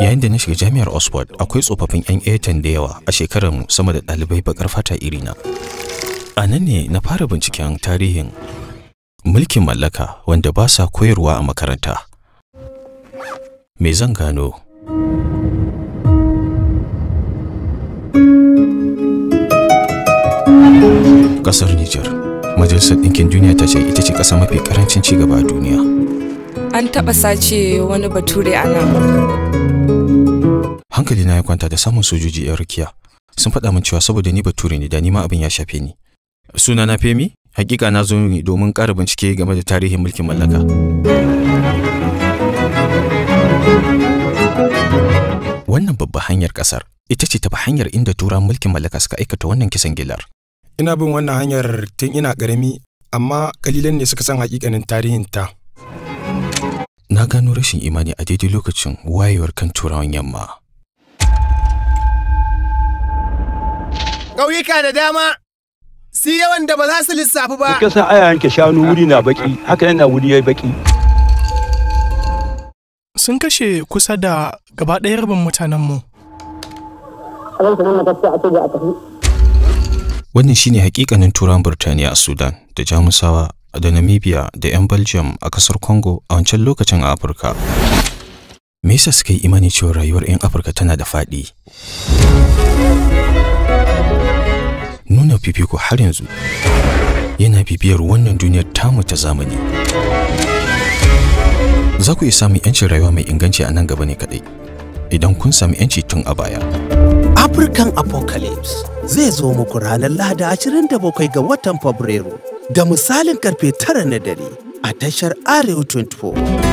Yayin da na shiga jami'ar Oxford akwai tsofaffin 'yan Ayrton da yawa a shekarar mu sama da ɗalibai baƙar fata irina. A nan ne na fara binciken tarihin mulkin mallaka wanda ba sa koyarwa a makaranta. Me zan gano? Ƙasar Nijar. Majalisar Ɗinkin Duniya ta ce ita ce ƙasa mafi ƙarancin cigaba a duniya. An taɓa sace wani bature a nan. hankali na ya kwanta da samun sojoji a rukiya sun faɗa min cewa saboda ni bature ne da ni ma abin ya shafe ni suna na femi hakika na zo ne domin ƙara bincike game da tarihin mulkin mallaka wannan babban hanyar ƙasar ita ce tafi hanyar inda tura mulkin mallaka suka aikata wannan kisan gilar ina bin wannan hanyar tun ina ƙarami amma kalilan ne suka san hakikanin tarihin ta na gano rashin imani a daidai lokacin wayewar kan turawan yamma kauyuka da dama si yawan da ba za su lissafi ba. Ka san aya yanke shanu wuri na baki, haka yana wuri ya baki. Sun kashe kusa da gaba ɗaya rabin mu. Wannan shine hakikanin turan Burtaniya a Sudan da Jamusawa da Namibia da 'yan Belgium a kasar Congo a wancan lokacin a Afirka. Me yasa suka yi imani cewa rayuwar 'yan Afirka tana da faɗi? fifiko har yanzu yana bibiyar wannan duniyar tamu ta zamani za ku iya samun yancin rayuwa mai inganci a nan gaba ne kaɗai idan kun sami yanci tun a baya african apocalypse zai zo muku ranar lahada 27 ga watan fabrairu da misalin karfe 9 na dare a tashar arewa 24